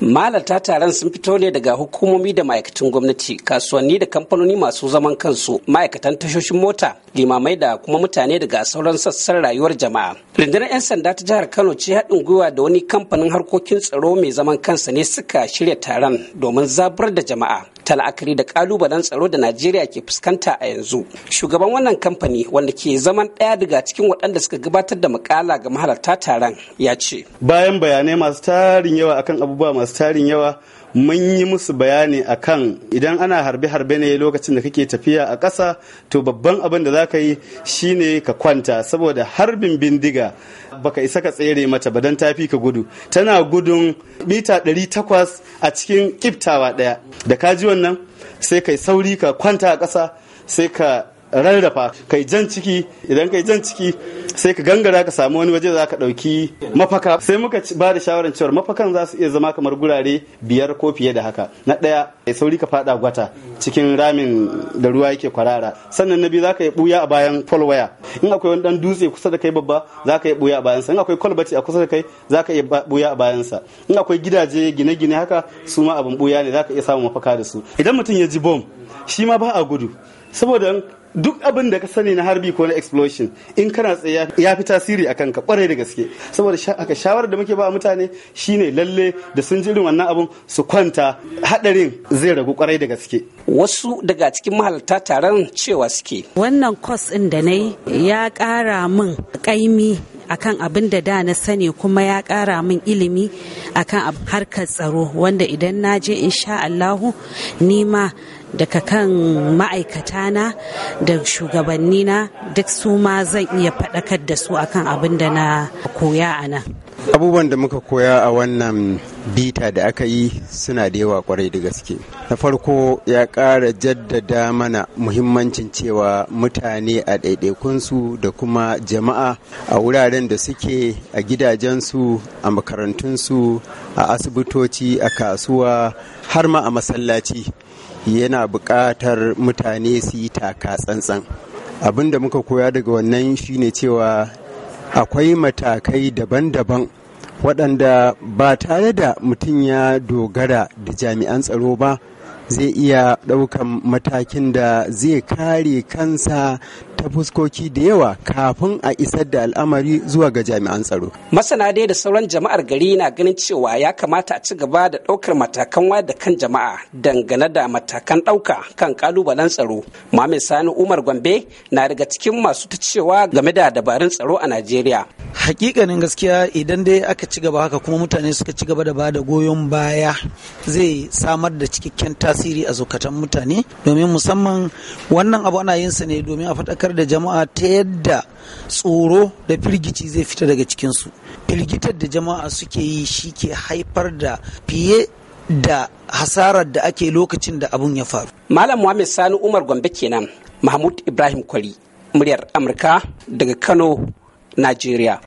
Malata taron sun fito ne daga hukumomi da ma'aikatan gwamnati, kasuwanni da kamfanoni masu zaman kansu, ma'aikatan tashoshin mota, limamai da kuma mutane daga sauran sassan rayuwar jama'a. Rundunar 'yan sanda ta jihar Kano ce haɗin gwiwa da wani kamfanin harkokin tsaro mai zaman kansa ne suka shirya taron domin zabar da jama'a. ta la'akari da kalubalen tsaro da Najeriya ke fuskanta a yanzu. Shugaban wannan kamfani wanda ke zaman ɗaya daga cikin waɗanda suka gabatar da makala ga mahalarta taron ya ce. Bayan bayanai masu tarin yawa akan abubuwa masu tarin yawa mun yi musu bayani akan idan ana harbe-harbe ne lokacin da kake tafiya a ƙasa to babban abin da za ka yi shine ka kwanta saboda harbin bindiga baka isa ka tsere mata ba don tafi ka gudu tana gudun mita 800 a cikin kiftawa ɗaya da ka ji wannan sai kai sauri ka kwanta a ƙasa sai ka rarrafa kai jan ciki idan kai jan ciki sai ka gangara ka samu wani waje da zaka ɗauki mafaka sai muka ba da shawaran cewar mafakan za su iya zama kamar gurare biyar ko fiye da haka na ɗaya ya sauri ka fada gwata cikin ramin da ruwa yake kwarara sannan na biyu za yi buya a bayan polwaya in akwai wani dan dutse kusa da kai babba zaka ka yi buya a sa in akwai kolbati a kusa da kai zaka yi buya a a sa in akwai gidaje gine-gine haka su ma abin buya ne zaka iya samun mafaka da su idan mutum ya ji bom shi ma ba a gudu saboda duk abin da ka sani na harbi ko na explosion in kana tsaye ya fi tasiri a kanka kwarai da gaske saboda haka shawarar da muke ba mutane shine lalle da sun jirin irin wannan abun su kwanta hadarin zai ragu kwarai da gaske wasu daga cikin mahalarta taron cewa suke wannan kwas din da nayi ya kara min kaimi akan abin da da na sani kuma ya kara min ilimi akan harkar tsaro wanda idan na je insha Allahu nima daga kan ma'aikata na da shugabanni na duk su ma zan iya faɗakar da su akan abin da na koya a nan abubuwan da muka koya a wannan bita da aka yi suna da yawa kwarai da gaske na farko ya ƙara jaddada mana muhimmancin cewa mutane a ɗaiɗaikunsu da kuma jama'a a wuraren da suke a gidajensu a makarantunsu a asibitoci a kasuwa har ma a masallaci yana buƙatar mutane su yi taka tsantsan abin da muka koya daga wannan shine cewa akwai matakai daban-daban waɗanda ba tare da mutum ya dogara da jami'an tsaro ba zai iya ɗaukan matakin da zai kare kansa ta fuskoki da yawa kafin a isar da al'amari zuwa ga jami'an tsaro. Masana dai da sauran jama'ar gari na ganin cewa ya kamata a ci gaba da ɗaukar matakan wayar da kan jama'a dangane da matakan ɗauka kan kalubalen tsaro. Mamin Sani Umar Gombe na daga cikin masu ta cewa game da dabarun tsaro a Najeriya. hakikanin gaskiya idan dai aka ci gaba haka kuma mutane suka ci gaba da ba da goyon baya zai samar da cikakken tasiri a zukatan mutane domin musamman wannan abu ana yin sa ne domin a faɗakar da jama'a ta yadda tsoro da firgici zai fita daga cikinsu firgitar da jama'a suke yi shi ke haifar da fiye da hasarar da ake lokacin da abun ya faru malam muhammad sani umar gombe kenan mahmud ibrahim kwari muryar amurka daga kano Najeriya.